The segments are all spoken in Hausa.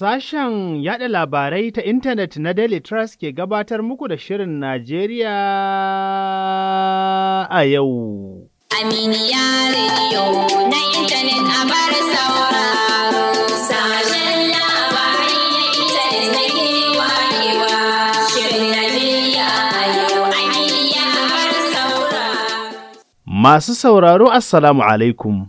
Sashen yada labarai ta intanet na Daily Trust ke gabatar muku da Shirin Najeriya a yau. Aminiya Radio na intanet a bar Sashen labarai na intanet na Shirin Najeriya a yau. Aminiya a bar Masu sauraro, Assalamu alaikum.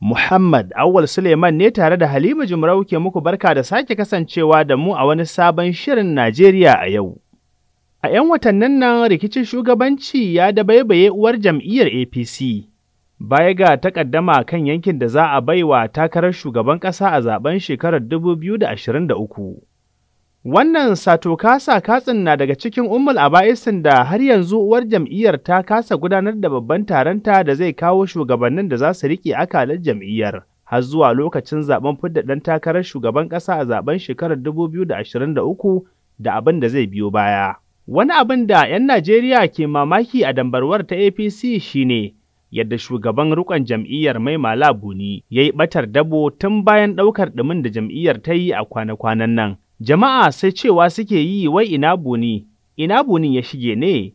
Muhammad Awal Suleiman ne tare da Halima Jumrau ke muku barka da sake kasancewa da mu a wani sabon shirin Najeriya a yau. A 'yan watannin nan rikicin shugabanci ya dabaibaye uwar jam'iyyar APC. Baya ga takaddama kan yankin da za a baiwa takarar shugaban ƙasa a zaben shekarar 2023. Wannan sato kasa katsin na daga cikin ummul aba'isin da har yanzu uwar jam'iyyar ta kasa gudanar da babban taronta da zai kawo shugabannin da za su riƙe akalar jam'iyyar. Har zuwa lokacin zaben fidda ɗan takarar shugaban ƙasa a zaben shekarar 2023 da abin da zai biyo baya. Wani abin da 'yan Najeriya ke mamaki a dambarwar ta APC shine yadda shugaban rukon jam'iyyar mai malabuni ya yi ɓatar dabo tun bayan ɗaukar ɗumin da jam'iyyar ta yi a kwana-kwanan nan. Jama'a sai cewa suke yi wai ina buni? ina bunin ya shige ne?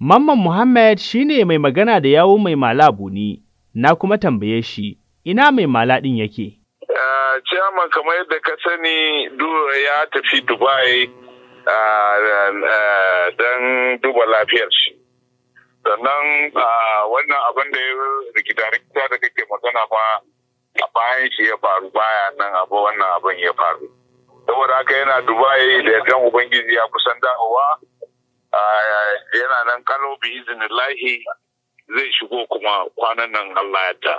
Mamman Muhammad shi ne mai magana da yawo mai mala buni na kuma tambaye shi, ina mai mala ɗin yake? Ah, Ciyaman kamar yadda ka sani ya tafi Dubai ah, ah, don duba lafiyar shi. sannan ah, wannan abin da ya rikita-rikita da kake magana ma a bayan shi ya faru baya nan abu wannan abin ya faru saboda haka yana dubai da gan ubangiji ya kusan dawowa ah, yana nan kalo bi lahi zai shigo kuma kwanan nan allah ta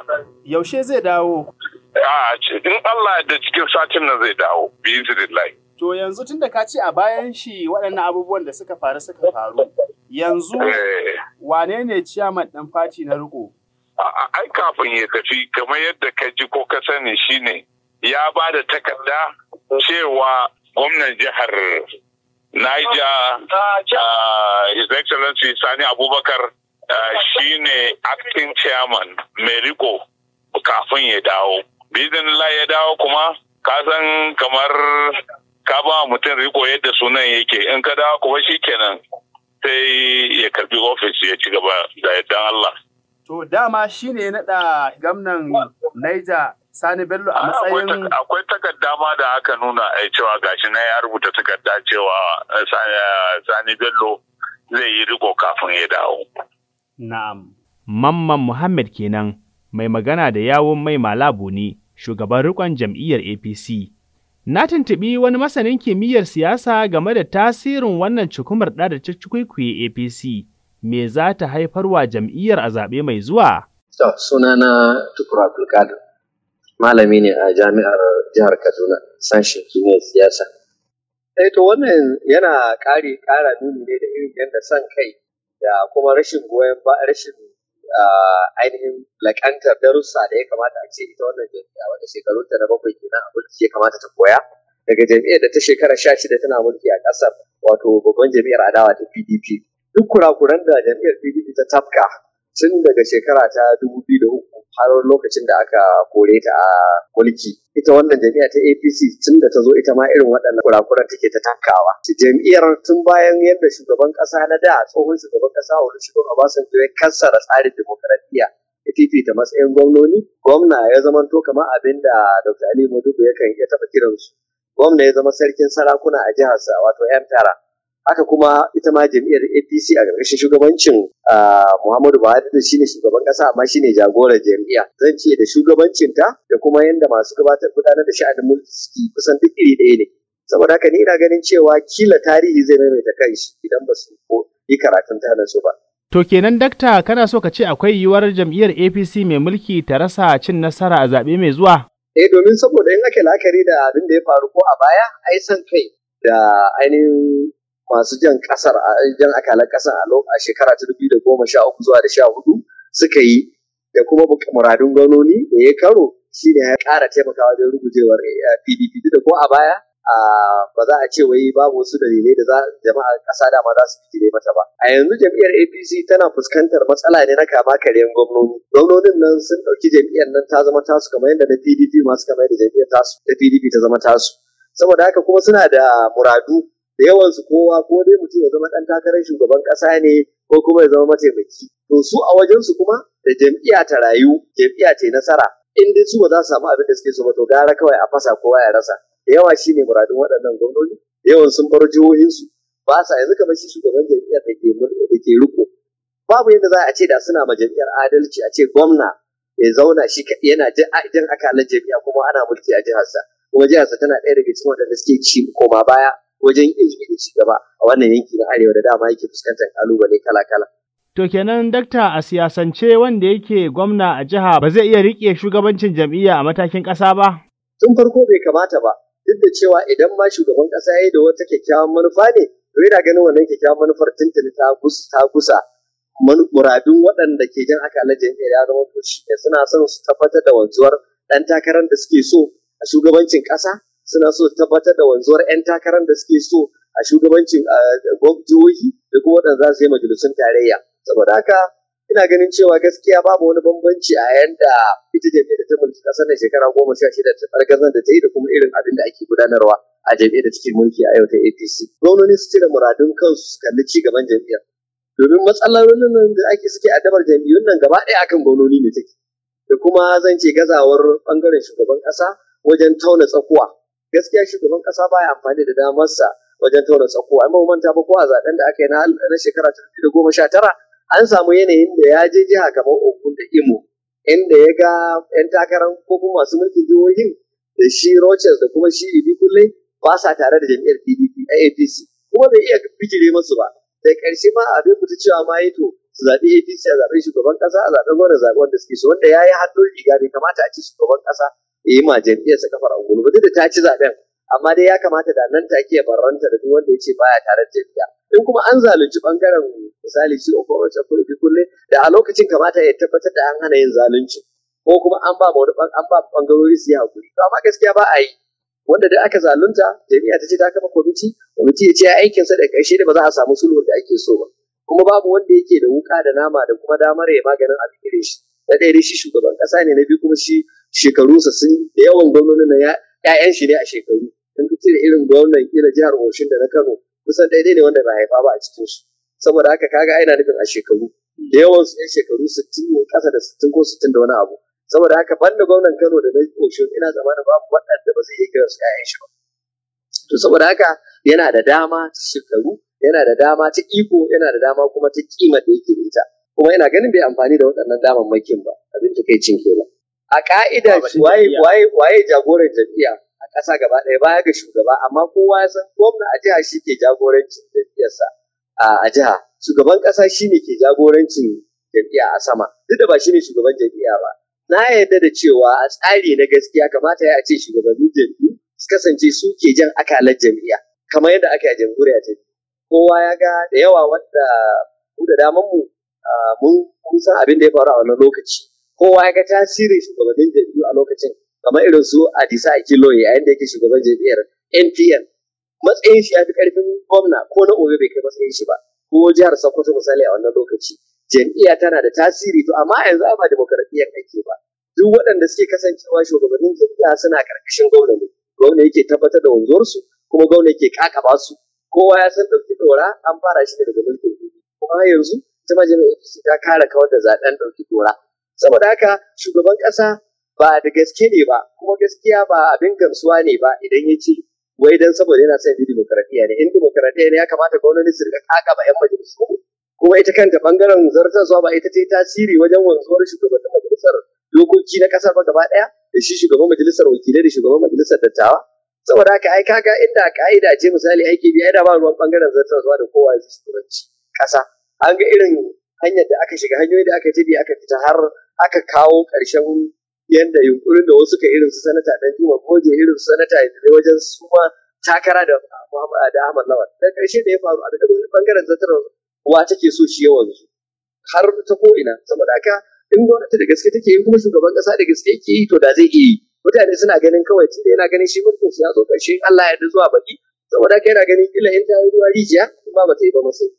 yaushe zai dawo ah, in allah yadda cikin satin nan zai dawo bi lahi To yanzu tunda ka ce a bayan shi waɗannan abubuwan da suka faru suka faru, yanzu eh. wane ne ciyaman ɗan faci na riko? Ai kafin ya tafi kamar yadda ka ji ko ka sani ne. ya ba da takarda cewa gwamnan jihar Niger, ah, ah, ah, His Excellency Sani Abubakar shi ne acting chairman mai riko kafin ya dawo. Bizin ya dawo kuma kasan kamar ka ba mutum riko yadda sunan yake in ka dawo kuma kenan sai ya karbi ofis ya ci gaba da yadda Allah to dama shine naɗa gamnan Naija Sani Bello a ah, matsayin akwai takarda ma da aka nuna a eh, cewa gashi na ya rubuta takarda cewa eh, eh, Sani Bello zai yi riko kafin ya dawo na'am Mamman Muhammad kenan mai magana da yawon mai malabo ne shugaban rikon jam'iyyar APC Na tuntuɓi wani masanin kimiyyar siyasa game da tasirin wannan cukumar da cikwikwiye APC, me za ta haifarwa jam'iyyar a zaɓe mai zuwa? Sunana Tukur Abdulkadir, malami ne a jami'ar jihar Kaduna, sashen kimiyyar siyasa. Sai eh, to wannan yana ƙari ƙara nuni ne da irin yadda son kai da kuma rashin goyon ba rashin ainihin lakantar darussa da ya kamata a ce ita wannan jami'a wanda shekarun ta na bakwai kenan a mulki ya kamata ta koya daga jami'ar da ta shekara sha shida tana mulki a ƙasar wato babban jami'ar adawa ta PDP duk kurakuran da jami'ar PDP ta tafka tun daga shekara ta dubu biyu da uku har lokacin da aka kore ta a mulki ita wannan jami'a ta apc tun da ta zo ita ma irin waɗannan kurakuran take ta takawa jam'iyyar tun bayan yadda shugaban ƙasa na da tsohon shugaban ƙasa olusegun obasanjo ya kassara tsarin demokaradiyya ya fifita matsayin gwamnoni gwamna ya zamanto kamar abin da dr ali ya yakan iya taɓa kiransu gwamna ya zama sarkin sarakuna a jihar sa wato yan tara Haka kuma ita ma jam'iyyar APC a ƙarƙashin shugabancin Muhammadu Buhari da shine shugaban ƙasa amma shi ne jagorar jam'iyya. Zan ce da shugabancinta da kuma yadda masu gabatar gudanar da sha'anin mulki suke kusan duk iri ɗaya ne. Saboda haka ni ina ganin cewa kila tarihi zai maimaita kanshi idan ba su yi karatun tanan su ba. To kenan dakta kana so ka ce akwai yiwuwar jam'iyyar APC mai mulki ta rasa cin nasara a zaɓe mai zuwa? Eh domin saboda in ake la'akari da abin da ya faru ko a baya ai san kai da ainihin masu jan kasar a jan akalar kasar a shekara ta dubu da goma sha uku zuwa da sha hudu suka yi da kuma muradun gwamnoni da ya karo shine ya kara taimakawa wajen rugujewar pdp eh, eh, duk da ko a baya ba za a ce wai babu wasu dalilai da jama'a ƙasa dama za su fitile mata ba a yanzu jam'iyyar apc tana fuskantar matsala ne na kama karyan gwamnoni gwamnonin nan sun ɗauki jam'iyyar nan ta zama tasu kamar yadda na pdp masu kamar yadda tasu da pdp ta zama tasu saboda haka kuma suna da muradu da yawan su kowa ko dai mutum ya zama dan takarar shugaban kasa ne ko kuma ya zama mataimaki to su a wajen su kuma da jam'iyya ta rayu jam'iyya ce nasara in dai su ba za su samu abin da suke so ba to gara kawai a fasa kowa ya rasa da yawa shine muradin waɗannan gwamnoni yawan sun bar su. ba sa yanzu kamar shi shugaban jam'iyyar da ke da ke riko babu yadda za a ce da suna ma jam'iyyar adalci a ce gwamna ya zauna shi yana idan aka akalar jam'iyya kuma ana mulki a jiharsa kuma jiharsa tana ɗaya daga cikin waɗanda suke ci koma baya wajen ilimi da ci gaba a wannan yanki na arewa da dama yake fuskantar kalubale kala-kala. To kenan dakta a siyasance wanda yake gwamna a jiha ba zai iya riƙe shugabancin jam'iyya a matakin ƙasa ba? Tun farko bai kamata ba, duk da cewa idan ma shugaban ƙasa ya yi da wata kyakkyawan manufa ne, to yana ganin wannan kyakkyawan manufar tuntuni ta kusa muradun waɗanda ke jan na jam'iyyar ya zama to shi suna son su tabbatar da wanzuwar ɗan takarar da suke so a shugabancin ƙasa suna so tabbatar da wanzuwar 'yan takarar da suke so a shugabancin jihohi da kuma waɗanda za su yi majalisun tarayya saboda haka ina ganin cewa gaskiya babu wani bambanci a yadda ita jami'a da ta mulki kasar na shekara goma sha shida ta ɓargazan da ta yi da kuma irin abin da ake gudanarwa a jami'a da cikin mulki a yau ta apc gwamnoni su da muradun kansu su kalli ci gaban jami'ar domin matsalolin nan da ake suke adabar jami'un nan gaba ɗaya akan gwamnoni ne take da kuma zan ce gazawar ɓangaren shugaban ƙasa wajen tauna tsakuwa gaskiya shugaban kasa baya amfani da damarsa wajen tauna tsako. ai manta ba ko a zaben da aka yi na shekara ta da goma sha tara an samu yanayin da ya je jiha kamar Ogun da Imo inda ya ga 'yan takarar ko kuma masu mulkin jihohin da shi Rochers da kuma shi Ibi kullai ba sa tare da jami'ar PDP a APC kuma bai iya bijire masu ba da ƙarshe ma abin fita cewa ma yi to su zaɓi APC a zaɓen shugaban ƙasa a zaɓen gwamnan zaɓen wanda suke so wanda ya yi hannun riga bai kamata a ci shugaban ƙasa yi eh, ma jam'iyyarsa kafar angulu ba duk da ta ci zaben amma dai ya kamata da nan take ya barranta da duk wanda ya ce baya tare da jam'iyya in kuma an zalunci bangaren misali shi ko wancan kurbi kulle da a lokacin kamata ya tabbatar da an hana yin zalunci ko kuma an ba wani an ba bangarori su yi hakuri to amma gaskiya ba a yi wanda da aka zalunta jami'a ta ce ta kafa kwamiti kwamiti ya ce ya aikinsa da ƙarshe da ba za a samu sulhu da ake so ba kuma babu wanda yake da wuka da nama da kuma damar ya maganin abin shi na ɗaya shi shugaban ƙasa ne na biyu kuma shi shekaru sun da yawan gwamnoni na ‘ya'yan shi ne a shekaru in ka cire irin gwamnan kila jihar Oshin da na Kano kusan daidai ne wanda bai haifa ba a cikin su saboda haka kaga ai na nufin a shekaru da yawan su ‘yan shekaru sittin ne kasa da sittin ko sittin da wani abu saboda haka banda gwamnan Kano da na Oshin ina zamanin babu waɗanda ba zai iya kira su ‘ya'yan shi ba to saboda haka yana da dama ta shekaru yana da dama ta iko yana da dama kuma ta kima da yake da ita kuma ina ganin bai amfani da waɗannan damammakin ba abin takeicin kenan a ka'ida waye waye jagoran tafiya a ƙasa gaba ɗaya baya ga shugaba amma kowa ya san gwamna a jiha shi ke jagorancin tafiyarsa. a jiha shugaban ƙasa shi ne ke jagorancin jam'iyya a sama duk da ba shi ne shugaban jam'iyya ba na yarda da cewa a tsari na gaskiya kamata ya ce shugabannin jam'iyyu su kasance su ke jan akalar jam'iyya kamar yadda aka yi a jamhuriya ta kowa ya ga da yawa wanda mu da daman mu mun san abin da ya faru a wannan lokaci kowa ya ga tasirin shugabannin jam'iyyu a lokacin kamar irin su Adisa Akilo yayin da yake shugaban jam'iyyar NPN matsayin shi ya fi karfin gwamna ko na Oyo bai kai matsayin shi ba ko jihar Sokoto misali a wannan lokaci jam'iyya tana da tasiri to amma yanzu ba demokaradiyyar ake ba duk waɗanda suke kasancewa shugabannin jam'iyya suna karkashin gwamnati gwamna yake tabbatar da wanzuwar su, kuma gwamna yake kakaba su kowa ya san ɗauki ɗora an fara shi daga mulkin kuma yanzu ita ma jami'a ta kare kawar da zaɓen ɗauki dora saboda haka shugaban ƙasa ba da gaske ne ba kuma gaskiya ba abin gamsuwa ne ba idan ya ce wai dan saboda yana son dimokuraɗiyya ne in dimokuraɗiyya ne ya kamata gwamnati su riga ba yan majalisu kuma ita kanta bangaren zuwa ba ita ce tasiri wajen wanzuwar shugaban majalisar dokoki na ƙasa ba gaba ɗaya da shi shugaban majalisar wakilai da shugaban majalisar dattawa saboda haka ai kaga inda ka'ida ce misali aiki biya yana ba ruwan bangaren zuwa da kowa ya shugabanci ƙasa an ga irin hanyar da aka shiga hanyoyi da aka tabi aka fita har aka kawo ƙarshen yadda yunkurin da wasu ka irin su sanata dan juma ko je irin su sanata da wajen su ma takara da da Ahmad Lawal da ƙarshe da ya faru a daga bangaren zatar wa take so shi yawan su har ta ko ina saboda haka in gwamnati da gaske take yi kuma shugaban kasa da gaske yake yi to da zai iya yi mutane suna ganin kawai tun yana ganin shi mutum su ya zo ƙarshe Allah ya yarda zuwa baki saboda haka yana ganin kila in ta yi ruwa rijiya ba ba ta yi ba masai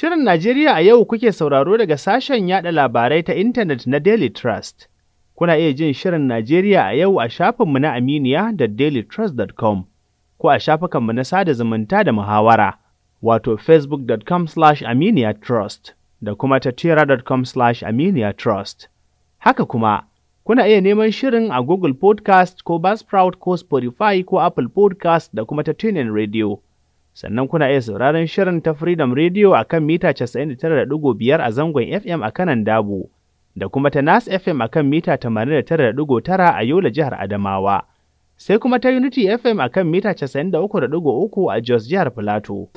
Shirin Najeriya a yau kuke sauraro daga sashen yada labarai ta intanet na Daily Trust. Kuna iya jin Shirin Najeriya a yau a shafinmu na Aminiya da dailytrust.com ko a shafukanmu na sada zumunta da muhawara wato facebook.com slash aminiyatrust da kuma tatira.com slash aminiyatrust. Haka kuma, kuna iya neman shirin a Google Podcast ko Buzzsprout ko Spotify ko Apple Podcast da kuma ta TuneIn Radio. sannan kuna iya sauraron shirin ta Freedom Radio a kan mita 99.5 a zangon FM a kanan Dabo, da kuma ta Nas FM a kan mita 89.9 a Yola jihar Adamawa, sai kuma ta Unity FM a kan mita 93.3 a Jos jihar Filato.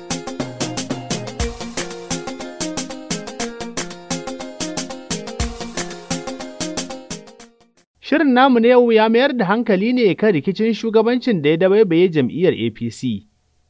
Shirin namu na yau ya mayar da hankali ne kan rikicin shugabancin da ya dabaibaye jam'iyyar APC.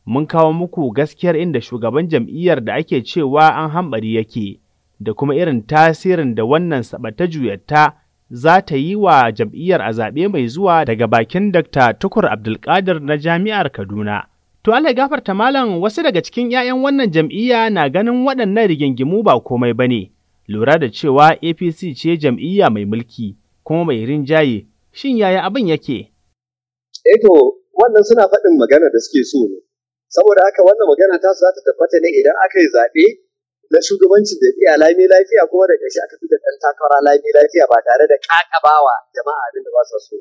mun kawo muku gaskiyar inda shugaban jam'iyyar da ake cewa an hambari yake da kuma irin tasirin da wannan sabata juyatta za ta yi wa jam'iyyar a zaɓe mai zuwa daga bakin Dr. Tukur Abdulkadir na Jami'ar Kaduna. To Allah gafarta malam wasu daga cikin 'ya'yan wannan jam'iyya na ganin waɗannan rigingimu ba komai ba ne, lura da cewa APC ce jam'iyya mai mulki kuma mai rinjaye, shin yaya abin yake? Eto, eh wannan suna faɗin magana da suke so ne. saboda haka wannan magana ta za ta tabbata ne idan aka yi zaɓe na shugabancin da iya lami lafiya kuma da ƙarshe aka fi da ɗan takara lami lafiya ba tare da ƙaƙabawa jama'a abin da ba sa so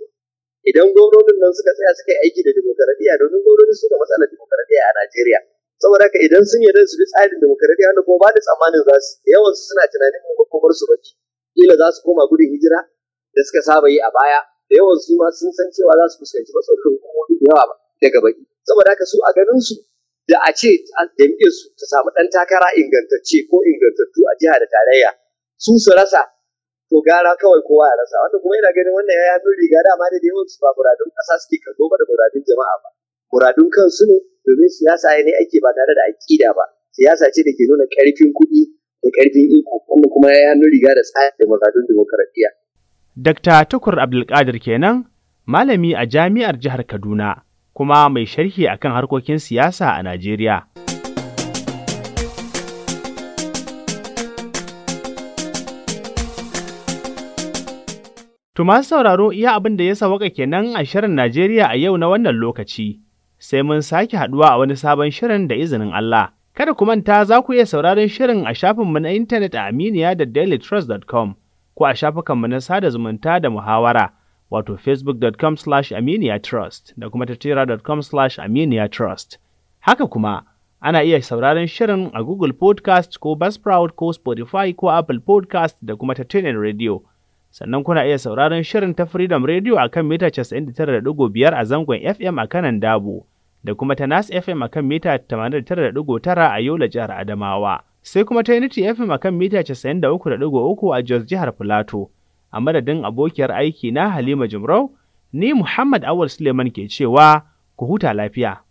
idan gwamnonin nan suka tsaya suka yi aiki da demokaradiyya domin gwamnoni suka matsalar demokaradiyya a Najeriya saboda haka idan sun yarda su bi tsarin demokaradiyya wanda kuma ba da tsammanin za su yawan su suna tunanin komar su bace kila za su koma gudun hijira da suka saba yi a baya da yawan su ma sun san cewa za su fuskanci matsalolin hukumomi da yawa daga baki saboda haka su a ganin su da a ce jam'iyyar su ta samu ɗan takara ingantacce ko ingantattu a jiha da tarayya su su rasa to gara kawai kowa ya rasa wanda kuma yana ganin wannan ya hannun riga dama da dai wasu ba muradun ƙasa suke kallo ba da muradun jama'a ba muradun kansu ne domin siyasa ne ake ba tare da aƙida ba siyasa ce da ke nuna ƙarfin kuɗi da ƙarfin iko kuma kuma ya hannun riga da tsarin muradun dimokuraɗiyya. Dr. Tukur Abdulkadir kenan malami a jami'ar jihar Kaduna. kuma mai sharhi akan harkokin siyasa a Najeriya. Tuma sauraro iya abin da ya sawaka kenan a shirin Najeriya a yau na wannan lokaci, sai mun sake haɗuwa a wani sabon shirin da izinin Allah. Kada ku manta za ku iya sauraron shirin a shafinmu na intanet a aminiya da dailytrust.com ko a shafukanmu na sada zumunta da muhawara. wato facebook.com slash trust da kuma tattiracom slash trust Haka kuma, ana iya sauraron shirin a Google Podcast ko Buzzsprout ko Spotify ko Apple Podcast da kuma ta TuneIn Radio. Sannan kuna iya sauraron shirin ta Freedom Radio a kan mita 99.5 a zangon FM a kanan Dabo da kuma ta Nas FM a kan mita 89.9 a Yola jihar Adamawa. Sai kuma ta Unity FM a kan mita 93.3 a Jos jihar Filato. a madadin abokiyar aiki na Halima Jumrau, ni Muhammad Awal Suleiman ke cewa ku huta lafiya.